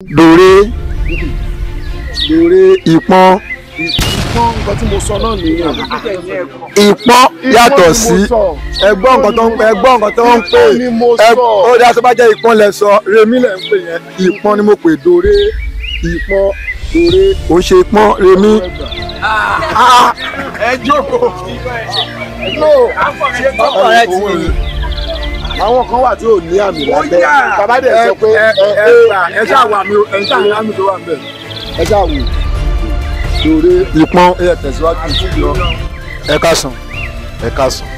Dore, dore, ìpọ́n ìpọ́n nǹkan tí mo sọ náà nìyẹn ìpọ́n yàtọ̀ sí ẹgbọ́n nǹkan tó ń pè ẹgbọ́n nǹkan tó ń pè ó dá tó bá jẹ́ ìpọ́n lẹ sọ remi lẹ ń pè yẹn ìpọ́n ni mo pè dòre ìpọ́n dòre ó ṣe ìpọ́n remi. Ah! Ah! ẹ jókòó ọkọ rẹ ti nìyí àwọn kan wà tí ò ní àmì lábẹ́ bàbá dẹ̀ sọ pé ẹ ẹ ṣáà wà mí o ẹ ṣáà ní àmì tó wà ń bẹ̀. ẹ ṣáà wò lórí ìpọn ẹ tẹ̀síwájú lọ. ẹ káàsán ẹ káàsán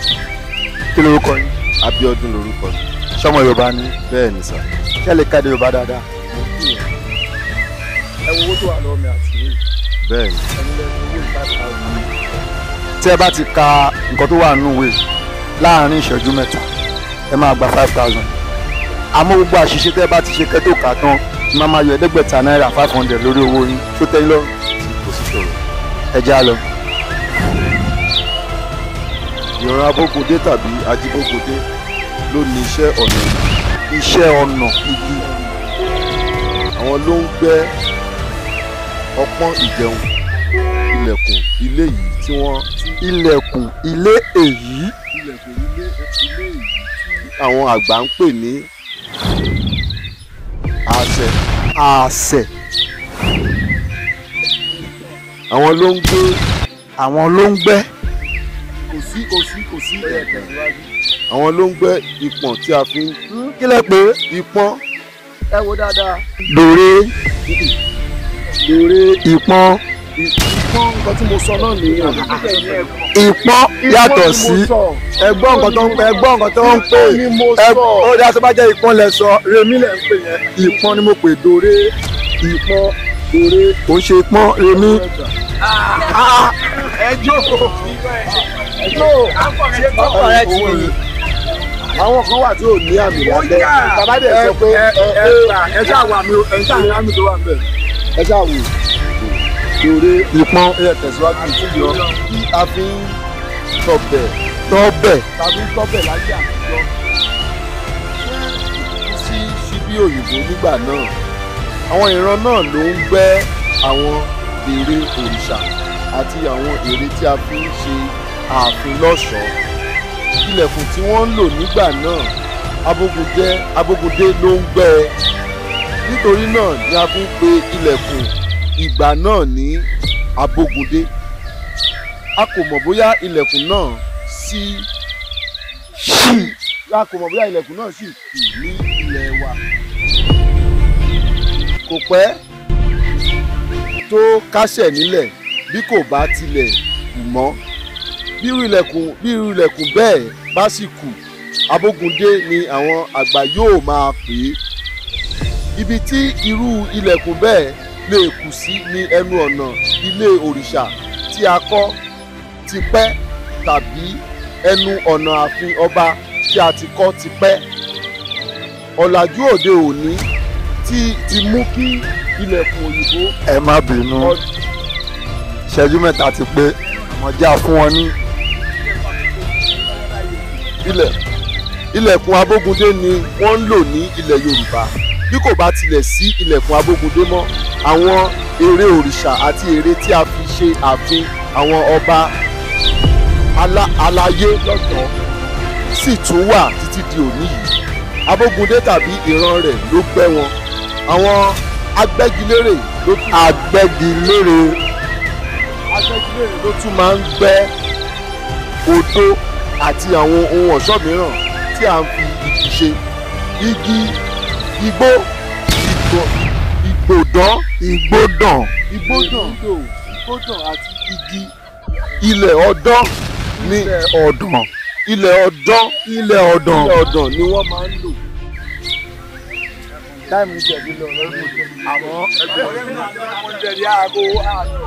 kí lorúkọ yín. Abíọ́dún lorúkọ mi ṣọmọ Yorùbá ni bẹ́ẹ̀ ni sà ṣé lè kéde Yorùbá dáadáa. ẹ wo owó tó wà lọ́wọ́ mi àti ìwé. bẹ́ẹ̀ ni tí ẹ bá ti ka nǹkan tó wà nínú ìwé láàárín ìṣẹ́jú mẹ́ta ẹ máa gba five thousand àmọ́ gbogbo àṣìṣe tẹ́ bá ti ṣe kẹ́tò kà tán ẹ máa máa yọ ẹ̀ẹ́dẹ́gbẹ̀ta náírà five hundred lórí owó yín tó tẹ́ lọ kò sí ṣòro ẹ já lọ. ìran abógodé tàbí ajíbógodé ló ní iṣẹ́ ọnà iṣẹ́ ọnà igi àwọn ló ń gbẹ́ ọpọ́n ìjẹun ilẹ̀kùn ilé yìí tí wọ́n. ilẹ̀kùn ilé èyí àwọn àgbà ń pè ní àṣẹ àṣẹ àwọn ló ń gbé àwọn ló ń gbẹ́ kò sí kò sí kò sí ẹ̀ẹ́dẹ̀ àwọn ló ń gbẹ́ ìpọ̀n tí a fi ń. Hmm, kí lẹ pé ìpọ́n. ẹ wo dáadáa. dòrè dòrè ìpọ́n. ìpọ́n ẹ̀gbọ́n nǹkan tí mo sọ náà nìyẹn. ìpọ́n yàtọ̀ sí ẹ̀gbọ́n nǹkan tó ń pè ẹ̀gbọ́n nǹkan tó ń pè ó dá tó bá jẹ́ ìpọ́n lẹ sọ rèmí lẹ ń pè yẹn ìpọ́n ni mo pè dòrè ìpọ́n dòrè kò ń ṣe ìpọ́n rèmí. ẹ jókòó ẹ jókòó ọkọ rẹ ti wòye àwọn kan wà tí ò ní àmì lábẹ́ bàbá dẹ̀ sọ pé ẹ ẹ ẹ ṣáà wà mí ẹ ṣáà ní àmì tó wà bẹ́ẹ̀ ẹ ṣáà wò torí ìpọn ẹ tẹ̀síwájú ìtúyọ tí a fi ń tọbẹ̀ tọbẹ̀ tàbí tọbẹ̀ láyé àtijọ́ sí síbí òyìnbó nígbà náà àwọn ìran náà ló ń gbẹ́ àwọn ère òrìṣà àti àwọn ère tí a fi ń ṣe ààfin lọ́ṣọ̀ọ́ ilẹ̀kùn tí wọ́n ń lò nígbà náà abógundé abógundé ló ń gbẹ́ nítorí náà ni a fi ń pe ilẹ̀kùn ìgbà náà ní abógundé a kò mọ̀ bóyá ilẹ̀kùn náà ṣí ṣí a kò mọ̀ bóyá ilẹ̀kùn náà ṣì kì ní ilẹ̀ wa kò pẹ́ tó kásẹ̀ nílẹ̀ bí kò bá tilẹ̀ kù mọ́ bírú ilẹ̀kùn bírú ilẹ̀kùn bẹ́ẹ̀ bá sì kù abógundé ni àwọn àgbà yóò máa pè é ibi tí irú ilẹ̀kùn bẹ́ẹ̀ lè kù sí ní ẹnu ọ̀nà ilé òrìṣà tí a kọ́ tipẹ́ tàbí ẹnu ọ̀nà ààfin ọba tí a ti kọ́ tipẹ́. ọ̀làjú òde òní Ti ti mú kí ilẹ̀kùn òyìnbó. ẹ má bínú ìṣẹ́jú mẹ́ta ti pé wọ́n já fún wọn ní ilẹ̀ ilẹ̀kùn abógundé ni wọ́n ń lò ní ilẹ̀ yorùbá bí kò bá tilẹ̀ sí ilẹ̀kùn abógundé mọ́ àwọn eré òrìṣà àti eré tí a fi ṣe àfin àwọn ọba aláyé lọ́tọ̀ọ́ sì tún wà títí di òní yìí abógundé tàbí ìran rẹ̀ ló gbẹ́ wọn àwọn agbẹ́gilére ló tún agbẹ́gilére agbẹ́gilére ló tún máa ń gbẹ́ odó àti àwọn ohun ọ̀ṣọ́ mìíràn tí a ń fi igi ṣe igi igbó ìgbòdán ìgbódàn ìgbódàn ìgbódàn àti igi ilẹ̀ ọ̀dàn ní ọ̀dàn ilẹ̀ ọ̀dàn ilẹ̀ ọ̀dàn ọ̀dàn ni wọ́n máa ń lò táìmù ìjẹ̀bi lọ lọ́rùn àmọ́ ẹgbẹ̀rún ọ̀dẹ̀rẹ̀ àgọ́ àgọ́.